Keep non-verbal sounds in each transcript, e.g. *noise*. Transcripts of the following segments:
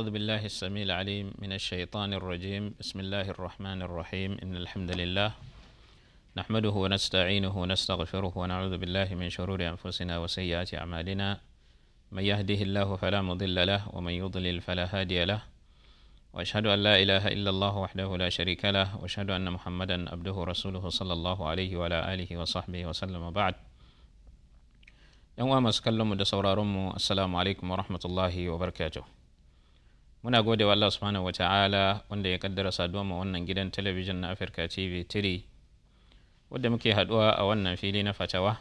أعوذ بالله السميع العليم من الشيطان الرجيم بسم الله الرحمن الرحيم إن الحمد لله نحمده ونستعينه ونستغفره ونعوذ بالله من شرور أنفسنا وسيئات أعمالنا من يهده الله فلا مضل له ومن يضلل فلا هادي له وأشهد أن لا إله إلا الله وحده لا شريك له وأشهد أن محمدا عبده رسوله صلى الله عليه وعلى آله وصحبه وسلم بعد يوم أمس كلم kallon mu da sauraron mu assalamu alaikum muna gode wa Allah subhanahu wa ta'ala wanda ya kaddara saduwa ma wannan gidan talabijin na Afirka TV 3 wadda muke haduwa a wannan fili na fatawa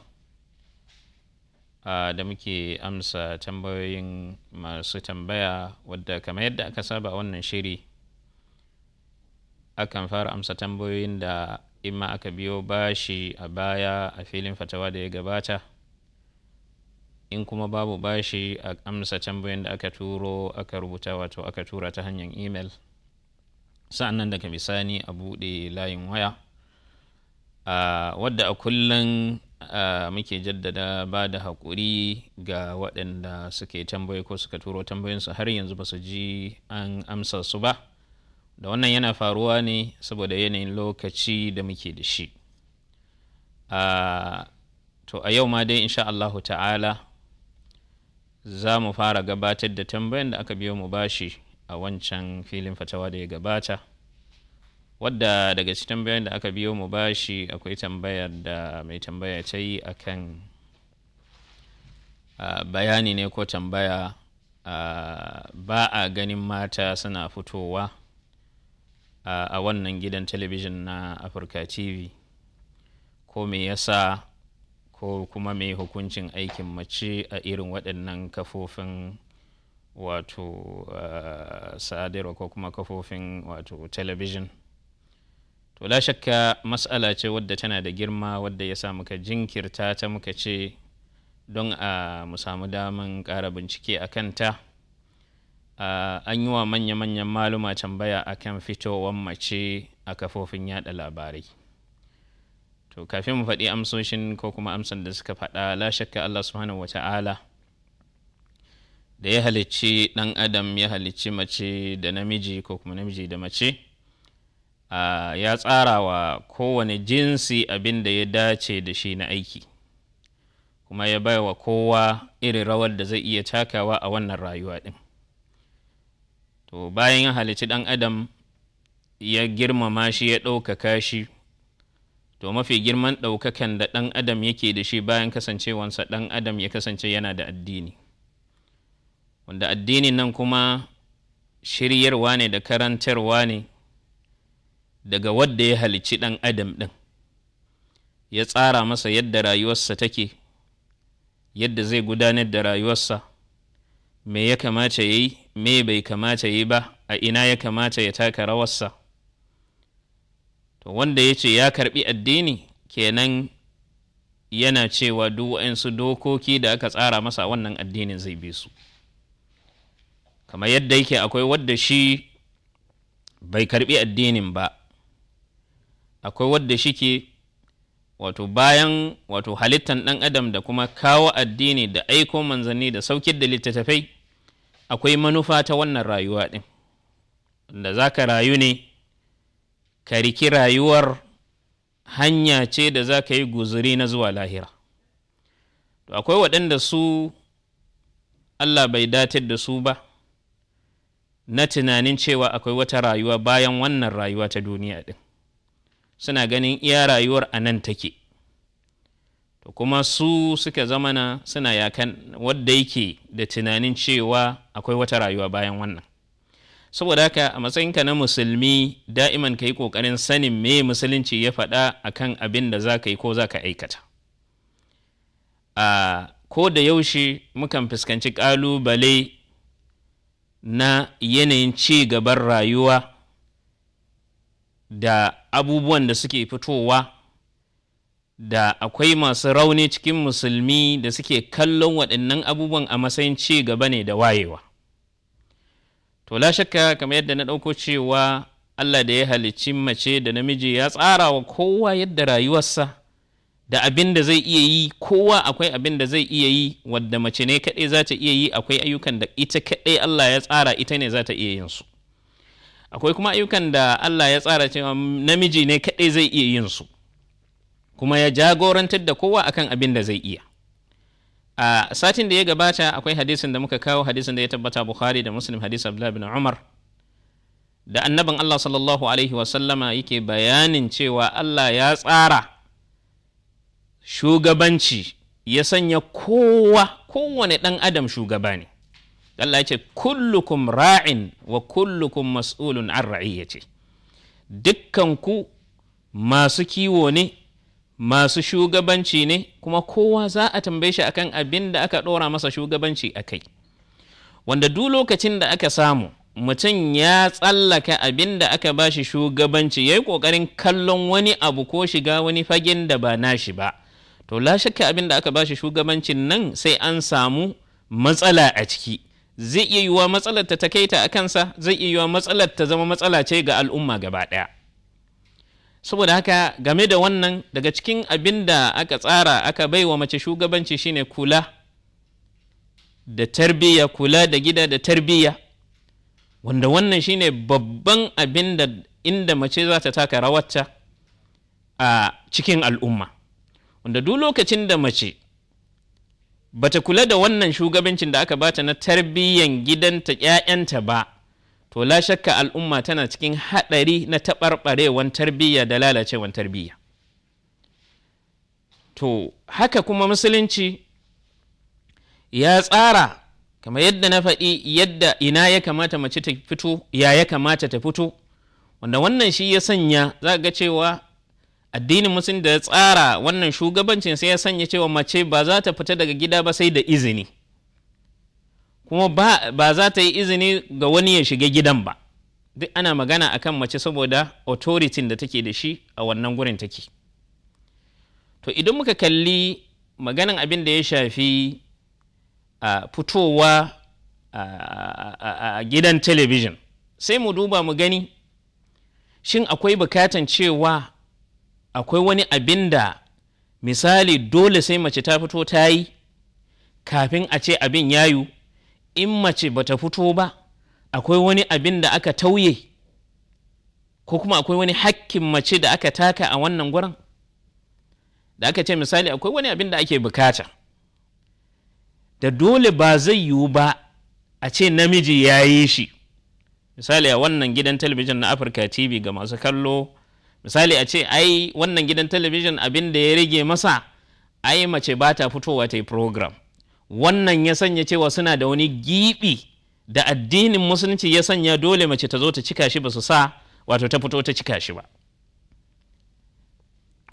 da muke amsa tambayoyin masu tambaya wadda kamar yadda aka saba wannan shiri akan fara amsa tambayoyin da in aka biyo bashi a baya a filin fatawa da ya gabata in kuma babu bashi a amsa tambayoyin da aka turo aka rubuta wato aka tura ta hanyar imel sa'annan daga bisani a buɗe layin waya a wadda a kullum muke jaddada ba da haƙuri ga waɗanda suke tambaye ko suka turo tambayinsu har yanzu ba su ji an amsa su ba da wannan yana faruwa ne saboda yanayin lokaci da muke da shi to a yau ma dai insha Allahu ta'ala za mu fara gabatar da tambayan da aka biyo mu bashi a wancan filin fatawa da ya gabata wadda daga cikin tambayan da aka biyo mu bashi akwai tambayar da mai tambaya ta yi a kan bayani ne ko tambaya ba a ganin mata suna fitowa a wannan gidan talabijin na afirka tv ko me yasa ko kuma mai hukuncin aikin mace a irin waɗannan kafofin wato eh, sadarwa ko kuma kafofin wato talabijin to la shakka matsala ce wadda tana da girma wadda ya sa muka jinkirta ta muka ce don a mu samu daman ƙara bincike a kanta eh, an yi wa manya-manyan maluma tambaya akan fitowar mace a kafofin yada labarai to kafin mu faɗi amsoshin ko kuma amsan da suka faɗa la shakka Allah subhanahu wata'ala da ya halicci ɗan adam ya halicci mace da namiji ko kuma namiji da mace ya tsara wa kowane jinsi abin da ya dace da shi na aiki kuma ya bai wa kowa irin rawar da zai iya takawa a wannan rayuwa ɗin to bayan ya halicci ɗan adam ya girmama shi ya ɗaukaka shi to mafi girman ɗaukakan da ɗan adam yake da shi bayan kasancewansa ɗan adam ya kasance yana da addini wanda addinin nan kuma shiryarwa ne da karantarwa ne daga wadda ya halicci ɗan adam ɗin ya tsara masa yadda rayuwarsa take yadda zai gudanar da rayuwarsa me ya kamata ya yi me bai kamata ya yi ba a ina ya kamata ya taka rawarsa wanda ya ce ya karbi addini kenan yana cewa duk dokoki da aka tsara masa wannan addinin zai bi su kamar yadda yake akwai wadda shi bai karbi addinin ba akwai wadda shi ke wato bayan wato halittan ɗan adam da kuma kawo addini da aiko manzanni da saukin da littattafai akwai manufa ta wannan rayuwa ɗin da za ka rayu ne ka riki rayuwar hanya ce da za ka yi guzuri na zuwa lahira to akwai waɗanda su allah bai datar da su ba na tunanin cewa akwai wata rayuwa bayan wannan rayuwa ta duniya ɗin suna ganin iya rayuwar a nan take to kuma su suka zamana suna yakan wadda yake da tunanin cewa akwai wata rayuwa bayan wannan saboda haka a matsayinka na musulmi da'iman ka yi ƙoƙarin sanin me musulunci ya faɗa a kan abin da za ka yi ko za ka aikata a ko da yaushe mukan fuskanci ƙalubale na yanayin ci gaban rayuwa da abubuwan da suke fitowa da akwai masu rauni cikin musulmi da suke kallon waɗannan abubuwan a matsayin ci gaba ne da wayewa to la shakka kamar yadda na ɗauko cewa Allah da ya halicci mace da namiji ya tsara wa kowa yadda rayuwarsa da abin da zai iya yi kowa akwai abin da zai iya yi wadda mace ne kaɗai za ta iya yi akwai ayyukan da ita kaɗai Allah ya tsara ita ne za ta iya yin su akwai kuma ayyukan da Allah ya tsara cewa namiji ne kaɗai zai iya yin su kuma ya jagorantar da kowa akan abin da zai iya a satin da ya gabata akwai hadisin da muka kawo hadisin da ya tabbata bukhari da muslim hadis abdullahi bin umar da annabin allah sallallahu alaihi wasallama yake bayanin cewa allah ya tsara shugabanci ya sanya kowa kowane ɗan adam shugaba ne allah ya ce kullukum ra'in wa kullukum mas'ulun an ya ce dukkanku masu kiwo ne masu shugabanci ne kuma kowa za a tambaye shi akan abin da aka ɗora masa shugabanci a kai wanda duk lokacin da aka samu mutum ya tsallaka abin da aka ba shi shugabanci ya yi ƙoƙarin kallon wani abu ko shiga wani fagen da ba nashi ba to la shakka abin da aka ba shi shugabancin nan sai an samu matsala a ciki zai iya yiwuwa matsalar ta ta kaita a kansa zai iya yiwuwa matsalar ta zama matsala ce ga al'umma gaba ɗaya saboda haka game da wannan daga cikin abin da aka tsara aka bai wa mace shugabanci shine kula da tarbiyya kula da gida da tarbiyya wanda wannan shine babban abin da inda mace za ta taka rawarta a cikin al'umma wanda duk lokacin da mace bata kula da wannan shugabancin da aka bata na tarbiyyan gidanta 'ya'yanta ba to la shakka al'umma tana cikin haɗari na taɓarɓarewan tarbiyya da lalacewan tarbiyya to haka kuma musulunci ya tsara kamar yadda na faɗi yadda ina ya kamata mace ta fito ya ya kamata ta fito wanda wannan shi ya sanya za ga cewa addinin musulun da ya tsara wannan shugabancin sai ya sanya cewa mace ba za ta fita daga gida ba sai da izini kuma ba za ta yi izini ga wani ya shiga gidan ba duk ana magana a kan mace saboda authority da take da shi a wannan gurin take to idan muka kalli maganan abin da ya shafi a fitowa a gidan television sai mu duba mu gani shin akwai bukatan cewa akwai wani abin da misali dole sai mace ta fito ta yi kafin a ce abin yayu in mace ba ta fito ba akwai wani abin da aka tauye ko kuma akwai wani hakkin mace da aka taka a wannan gurin da aka ce misali akwai wani abin da ake bukata da dole ba zai yiwu ba a ce namiji ya yi shi misali a wannan gidan talabijin na afirka tv ga masu kallo misali a ce ai wannan gidan talabijin abin da ya rage masa ai mace ba ta fitowa ta yi program wannan ya sanya cewa suna da wani giɓi da addinin musulunci ya sanya dole mace ta zo ta cika shi ba su sa wato ta fito ta cika shi ba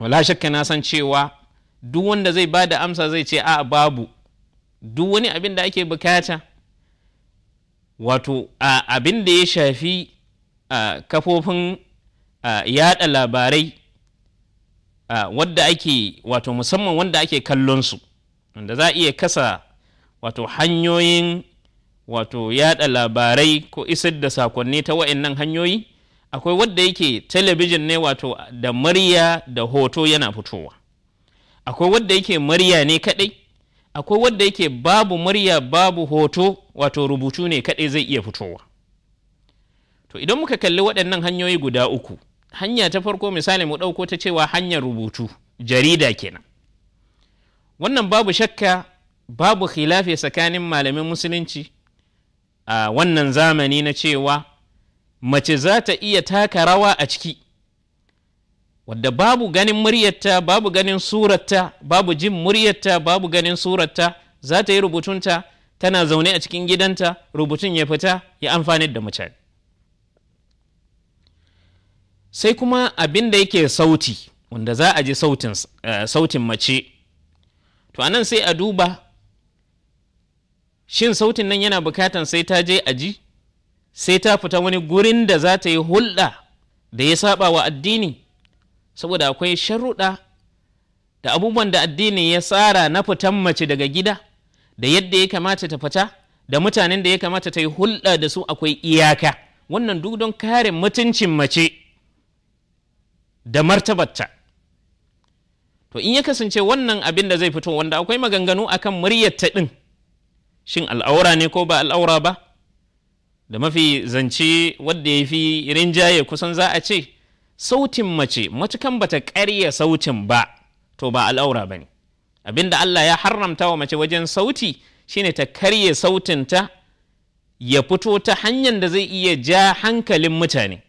wala shakka na san cewa duk wanda zai ba da amsa zai ce a babu duk wani abin da ake bukata wato abin da ya shafi kafofin yada labarai wadda ake wato musamman wanda ake kallon su wanda za a iya kasa wato hanyoyin wato yada labarai ko isar da sakonni ta wa'annan hanyoyi akwai wadda yake talabijin ne wato da murya da hoto yana fitowa akwai wadda yake murya ne kadai akwai wadda yake babu murya babu hoto wato rubutu ne kadai zai iya fitowa to idan muka kalli waɗannan hanyoyi guda uku hanya ta farko misali mu ɗauko ta cewa hanyar rubutu jarida kenan wannan babu shakka babu khilafi tsakanin malamin musulunci a wannan zamani na cewa mace za ta iya taka rawa a ciki wadda babu ganin muryarta babu ganin surarta babu jin muryarta babu ganin surarta za ta yi rubutunta tana zaune a cikin gidanta rubutun ya fita ya amfani da mace sai kuma abin da yake sauti wanda za a ji sautin eh, mace to anan sai a duba shin sautin nan yana bukatan sai ta je aji sai ta fita wani gurin da za ta yi hulɗa da ya saba wa addini saboda akwai sharuɗa da abubuwan da addini ya tsara na fitan mace daga gida da yadda ya kamata ta fita da mutanen da ya kamata ta yi hulɗa da su akwai iyaka wannan duk don kare mutuncin mace da martabarta to in ya kasance wannan abin da zai fito wanda akwai maganganu akan muryarta ɗin shin al'aura ne ko ba al'aura ba da mafi zance wadda ya fi irin jaye kusan za a ce sautin mace matukan bata karya sautin ba to ba al'aura ba ne abinda Allah ya haramta wa mace wajen sauti shine ta karye ta ya fito ta hanyar da zai iya ja hankalin mutane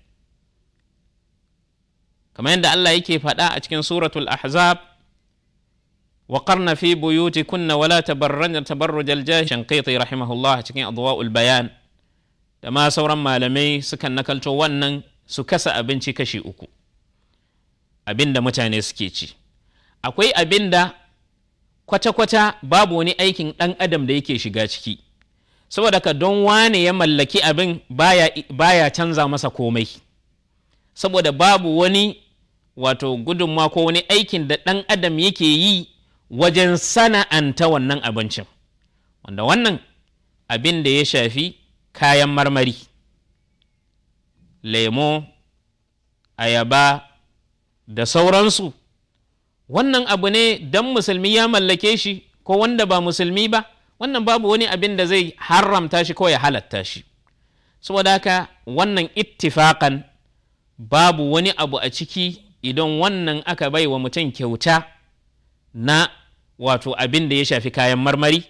kamar yadda Allah yake faɗa a cikin suratul ahzab وقرن في بيوتكن ولا تبرجن تبرج الجاهل شنقيطي رحمه الله cikin adwa'ul bayan da ma sauran malamai sukan nakalto wannan su kasa abinci kashi uku abinda mutane suke ci akwai abinda kwata-kwata babu wani aikin ɗan adam da yake shiga ciki saboda ka don wane ya mallaki abin baya, baya canza masa komai saboda babu wani wato gudunma ko wani aikin da ɗan adam yake yi wajen sana'anta wannan abincin wanda wannan abin da ya shafi kayan marmari lemo ayaba da sauransu wannan abu ne don musulmi ya mallake shi ko wanda ba musulmi ba wannan babu wani abin da zai haramta shi ko ya halatta shi saboda haka wannan ittifakan babu wani abu a ciki idan wannan aka bai wa mutum kyauta na wato abin da ya shafi kayan marmari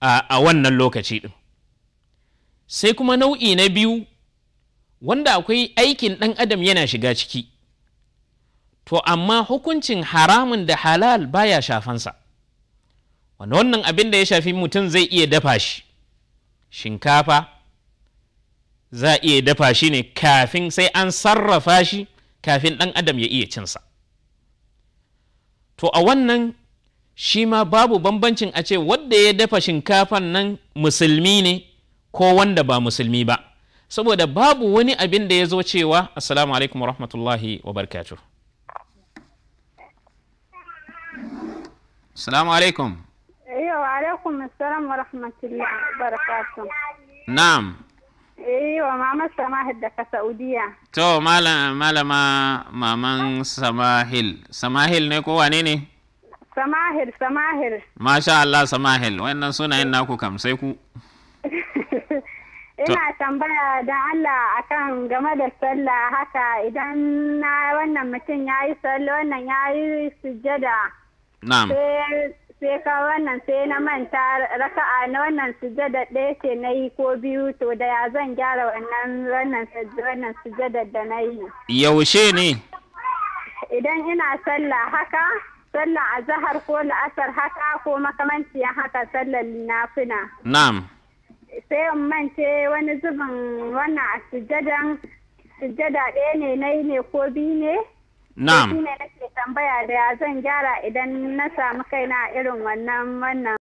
a wannan lokaci ɗin sai kuma nau'i na biyu wanda akwai aikin ɗan adam yana shiga ciki to amma hukuncin haramun da halal baya shafansa wanda wannan abin da ya shafi mutum zai iya dafa shi shinkafa za a iya dafa shi ne kafin sai an sarrafa shi kafin ɗan adam ya iya cinsa to a wannan shi ma babu bambancin a ce wadda ya dafa shinkafan nan musulmi ne ko wanda ba musulmi ba saboda babu wani abin da ya zo cewa assalamu alaikum wa rahmatullahi wa barkatu assalamu alaikum eh, wa alaikum assalam wa rahmatullahi wa barakatuh na'am wa mama Samahil daga Saudiya. To malama maman Samahil. Samahil ne ko wane ne? Samahil, Samahil. Masha Allah Samahil, wannan sunayen naku kam sai ku. *laughs* Ina tambaya da Allah akan game da sallah haka idan na wannan mutum ya yi sallah wannan ya yi sujjada. Na'am. sai ka wannan sai na manta raka'a na wannan sujada ɗaya ce na yi ko biyu to da ya zan gyara wannan wannan wannan sujada da na yi. Yaushe ne? Idan ina sallah haka, sallah a zahar ko la'asar haka ko ya haka sallar nafina. Na'am. Sai in mance wani zubin wannan sujadan sujada ɗaya ne na yi ne ko biyu ne? Na'am. ne tambaya da ya zan gyara idan na samu kaina a irin wannan wannan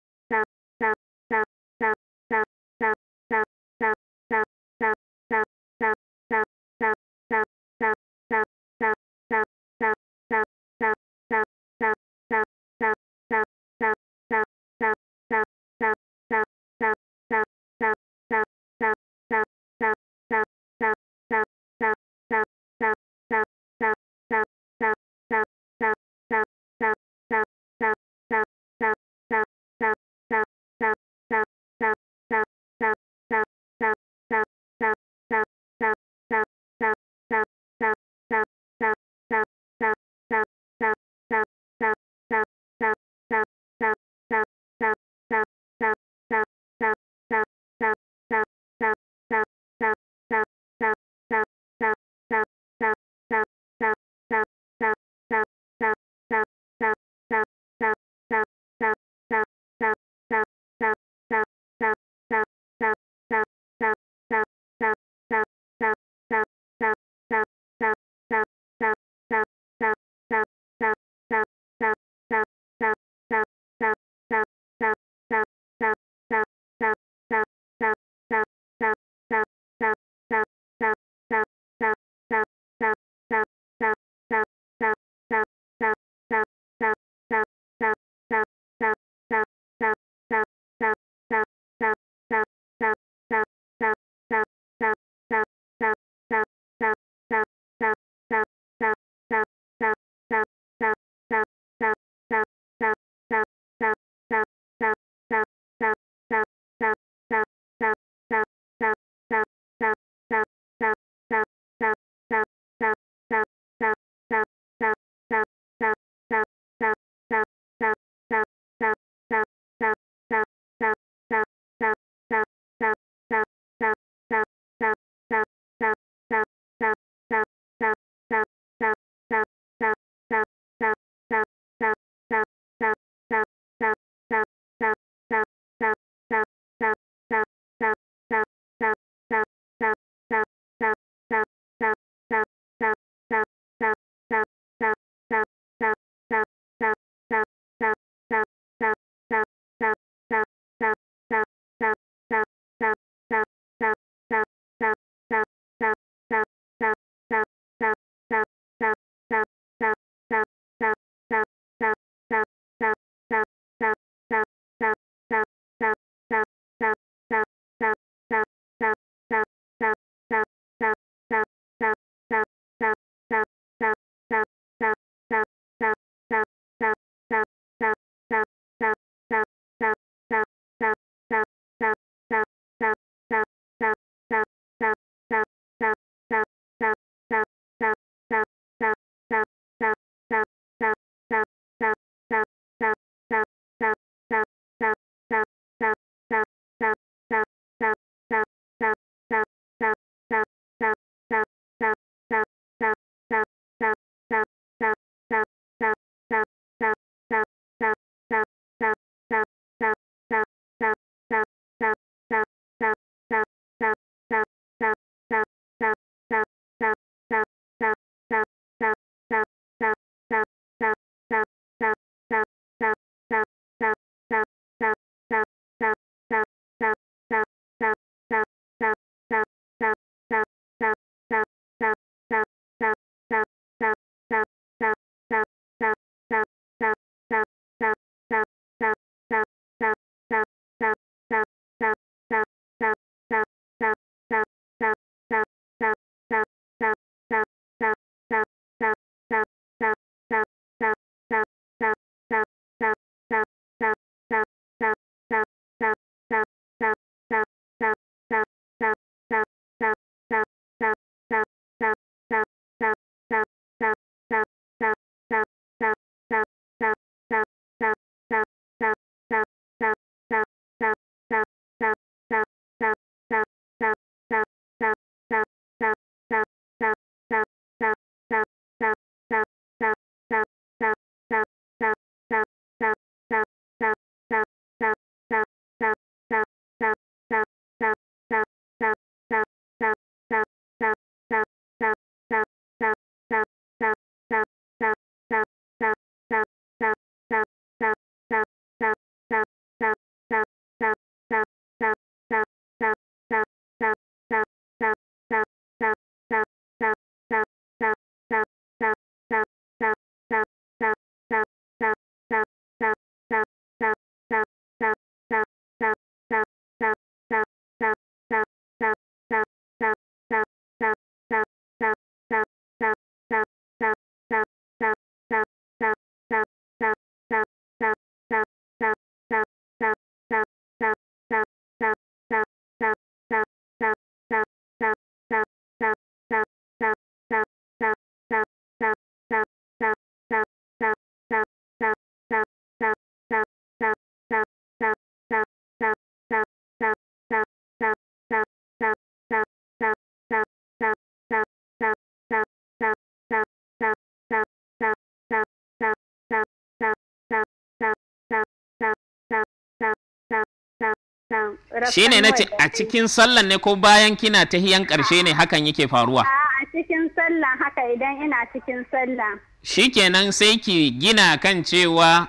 Shi ne na ce, a cikin sallan ne ko bayan kina ta hiyan karshe ne hakan yake faruwa a cikin sallan haka idan ina cikin sallan shikenan sai ki gina kan cewa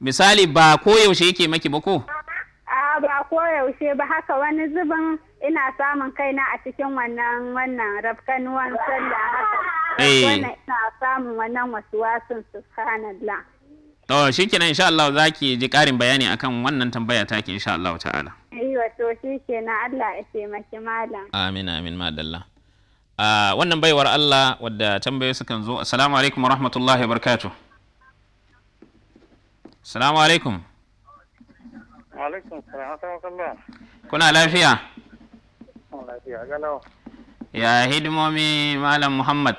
misali ba koyaushe yake maki ba ko a ba koyaushe ba haka wani zubin ina samun kaina a cikin wannan wannan rafkanuwan sallah haka eh. wannan ina samun wannan wasu wasun subhanallah Oh, shi kenan insha Allah za ki ji ƙarin bayani akan wannan tambaya ta ki insha Allah ta'ala. Aiwa eh, to shi kenan Allah ya taimaki malam. Amin amin madalla. Uh, wannan baiwar Allah wadda tambaye sukan zo. Assalamu alaikum wa rahmatullahi wa barakatuh. Assalamu alaikum. alaikum salam Kuna lafiya? Lafiya galau. Ya hidimomi malam Muhammad.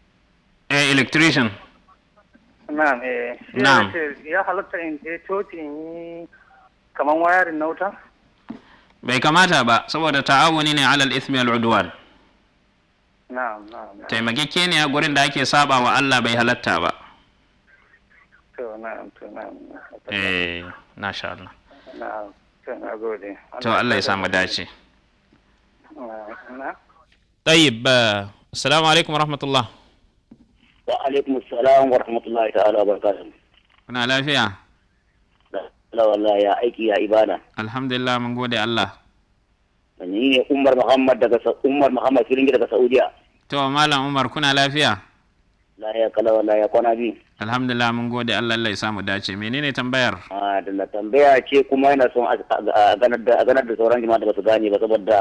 eh electrician na'am eh na'am ya halatta in je toti in yi kaman wayarin na wuta bai kamata ba saboda ta'awuni ne alal ismi al udwan na'am na'am taimakeke ne a gurin da ake saba wa Allah bai halatta ba to na'am to na'am eh masha Allah na'am to na gode to Allah ya samu dace طيب السلام عليكم ورحمة الله wa alaikum salam wa rahmatullahi ta'ala wa barakatuhu kuna lafiya Allah wallahi ya aiki ya ibada alhamdulillah mun gode Allah ni ne Umar Muhammad daga Umar Muhammad Firingi daga Saudiya to malam Umar kuna lafiya ya kala wallahi ya kwana biyu alhamdulillah mun gode Allah Allah ya samu dace menene tambayar a da tambaya ce kuma yana son a ganar da sauran jama'a da ba su gane ba saboda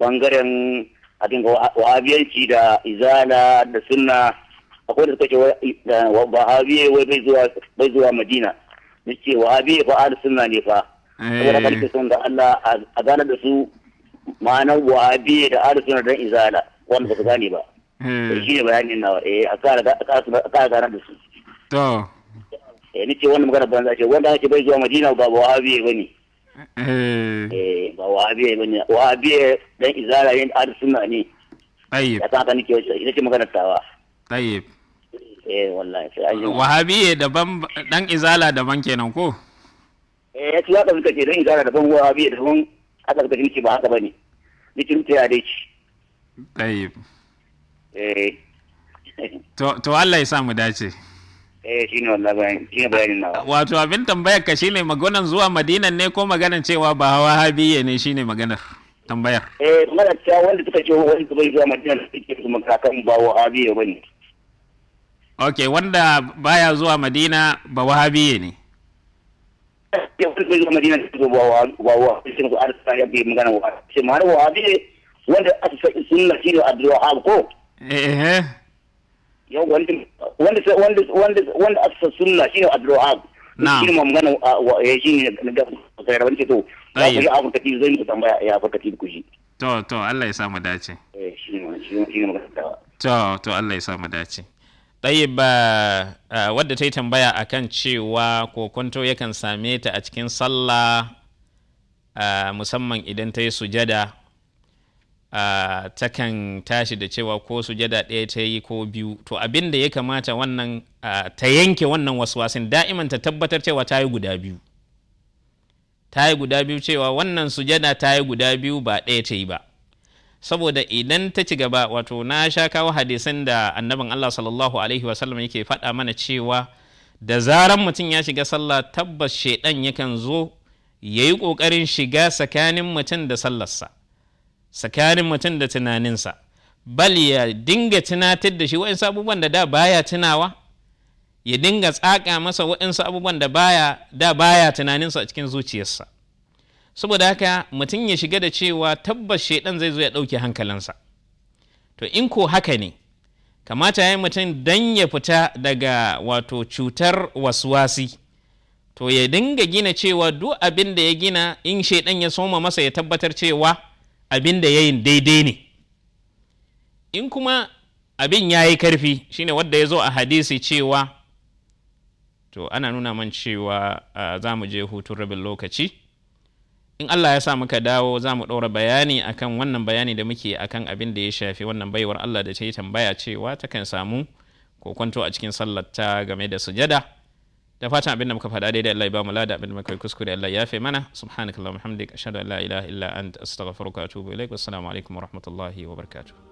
bangaren abin wa'abiyanci da izala da sunna akwai da suka ce wahabiye wai bai zuwa bai zuwa madina ni ce wahabiye fa ahli sunna ne fa saboda kalki sun da Allah a gane da su ma'anar wahabiye da ahli sunna dan izala wanda ba su gane ba hmm. shi ne bayani nawa eh a ka gane da su to eh ni ce wanda magana banza ce wanda ake bai zuwa madina ba wahabiye bane hmm. eh ba wahabiye bane wahabiye dan izala ne ahli sunna ne ai ya ka nike ce magana tawa طيب eh wallahi sai an wahabiye daban dan izala daban kenan ko eh su haka suka ce dan izala daban wahabiye daban haka suka ce ba haka bane likin ta dai ci tayyib eh to to Allah ya sa mu dace eh shine wallahi bayan shine bayanin nawa wato abin tambayar ka shine maganan zuwa madinan ne ko maganan cewa ba wahabiye ne shine maganar tambayar eh magana wanda suka ce wani bai zuwa madinan suke kuma kakan ba wahabiye bane ok wanda baya zuwa madina ba wahabiye ne wanda zuwa madina ba ya wanda aka sai sunna shi ne ko eh, eh. wanda wanda wanda wanda aka sai sunna shi ne shi ne ya eh, shi ne da sai to abu zai mu tambaya ya fa tafi ku to to Allah ya sa mu dace eh shi ne shi ne to to Allah ya sa mu dace ba wadda ta yi tambaya a kan cewa kokonto yakan same ta a cikin sallah musamman idan ta yi sujada takan tashi da cewa ko sujada ɗaya ta yi ko biyu to abin da ya kamata wannan ta yanke wannan wasu wasin da'iman ta tabbatar cewa ta yi guda biyu ta yi guda biyu cewa wannan sujada ta yi guda biyu ba ɗaya ta yi ba saboda idan ta ci gaba wato na sha kawo hadisin da annabin Allah sallallahu alaihi wasallam yake faɗa mana cewa da zaran mutum ya shiga sallah tabbas shaidan yakan zo ya yi ƙoƙarin shiga tsakanin mutum da sallarsa tsakanin mutum da tunaninsa bal ya dinga tunatar da shi waɗansu abubuwan da da baya tunawa ya dinga tsaka masa waɗansu abubuwan da baya da baya tunaninsa a cikin zuciyarsa saboda haka mutum ya shiga da cewa tabbas shaidan zai zo ya ɗauke hankalinsa to in ko haka ne kamata ya yi mutum don ya fita daga wato cutar wasuwasi to ya dinga gina cewa duk abin da ya gina in shaidan ya soma masa ya tabbatar cewa abin da ya yi daidai ne in kuma abin ya yi karfi shine wadda ya zo a hadisi cewa to ana nuna man cewa ah, za mu je hutun rabin lokaci in Allah ya sa muka dawo za mu ɗora bayani akan wannan bayani da muke akan abin da ya shafi wannan baiwar Allah da ta yi tambaya cewa takan samu ko kwanto a cikin sallar ta game da sujada da fatan abin da muka faɗa daidai Allah ya ba mu lada abin da muka kuskure Allah ya fe mana subhanakallahumma hamdika ashhadu an la ilaha illa anta astaghfiruka wa atubu ilaik alaikum wa rahmatullahi wa barakatuh